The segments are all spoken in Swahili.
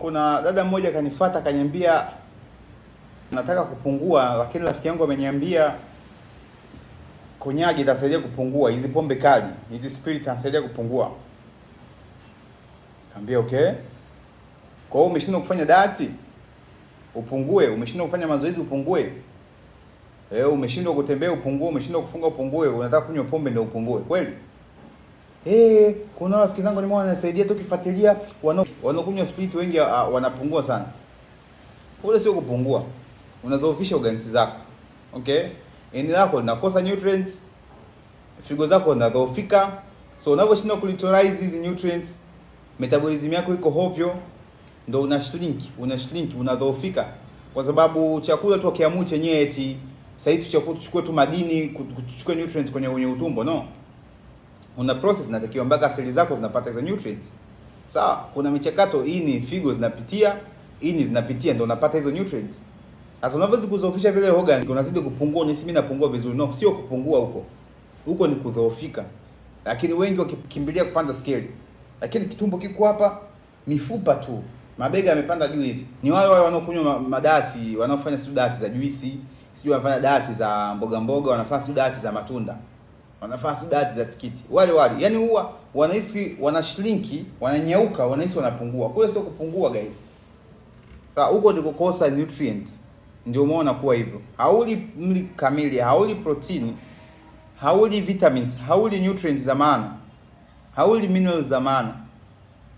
Kuna dada mmoja akanifuata akaniambia nataka kupungua, lakini rafiki yangu ameniambia konyagi itasaidia kupungua, hizi pombe kali hizi spirit itasaidia kupungua. Kaambia okay. Kwa hiyo umeshindwa kufanya dati upungue, umeshindwa kufanya mazoezi upungue, eh, umeshindwa kutembea upungue, umeshindwa kufunga upungue, unataka kunywa pombe ndio upungue kweli? Eh, kuna rafiki zangu nimeona wanasaidia tu kifuatilia wanao wanakunywa spirit wengi uh, wanapungua sana. Kule sio kupungua. Unazoofisha organs zako. Okay? Ini lako linakosa nutrients. Figo zako zinadhoofika. So unavyoshindwa kulitorize hizi nutrients, metabolism yako iko hovyo, ndio una shrink, una shrink, unadhoofika. Kwa sababu chakula tu akiamua chenyewe eti sasa hivi tuchukue tu madini, tuchukue nutrients kwenye kwenye utumbo, no una process inatakiwa mpaka seli zako zinapata hizo nutrients. Sawa, kuna michakato hii, ni figo zinapitia, ini zinapitia, ndio unapata hizo nutrients. Sasa unavyozidi kuzoofisha vile organ, unazidi kupungua. Ni simi napungua vizuri? No, sio kupungua huko, huko ni kudhoofika. Lakini wengi wakikimbilia kupanda scale, lakini kitumbo kiko hapa, mifupa tu, mabega yamepanda juu hivi. Ni wale wale wanaokunywa madati, wanaofanya sudati za juisi, sio wanafanya dati za mboga mboga, wanafanya sudati za matunda wanafanya dati za tikiti wale wale, yani huwa wanahisi wanashlinki, wananyauka, wanahisi wanapungua. Kule sio kupungua guys, huko ni kukosa nutrient, ndio umeona kuwa hivyo. Hauli mli kamili, hauli protini, hauli vitamins, hauli nutrients za maana, hauli minerals za maana,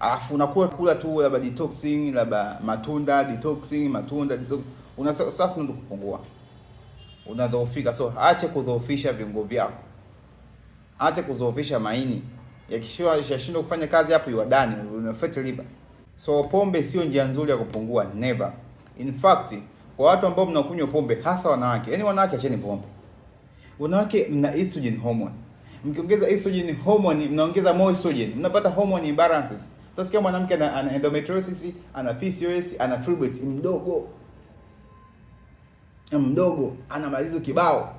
alafu unakuwa kula tu labda detoxing, labda matunda detoxing, matunda detoxing. Una sasa ndio kupungua, unadhoofika. So acha kudhoofisha viungo vyako hata kuzoofisha maini. Yakishiwa yashindwa kufanya kazi hapo, iwadani unafuata liver. So pombe sio njia nzuri ya kupungua, never. In fact, kwa watu ambao mnakunywa pombe, hasa wanawake, yani wanawake, acheni pombe. Wanawake mna estrogen hormone, mkiongeza estrogen hormone mnaongeza more estrogen, mnapata hormone imbalances. Sasa mwanamke ana, ana endometriosis, ana PCOS, ana fibroids mdogo mdogo, ana malizo kibao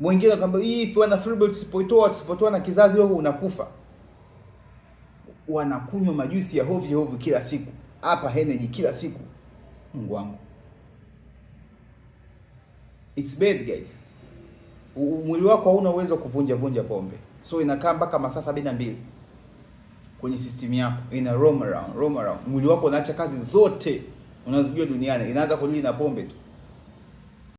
Mwingine akamwambia hii ikiwa na fibroid tusipoitoa tusipotoa na kizazi wewe unakufa. Wanakunywa majusi ya hovyo hovyo kila siku. Hapa energy kila siku. Mungu wangu. It's bad guys. Mwili wako hauna uwezo kuvunja vunja pombe. So inakaa mpaka masaa 72 kwenye system yako ina roam around, roam around. Mwili wako unaacha kazi zote unazijua duniani, inaanza kurudi na pombe tu.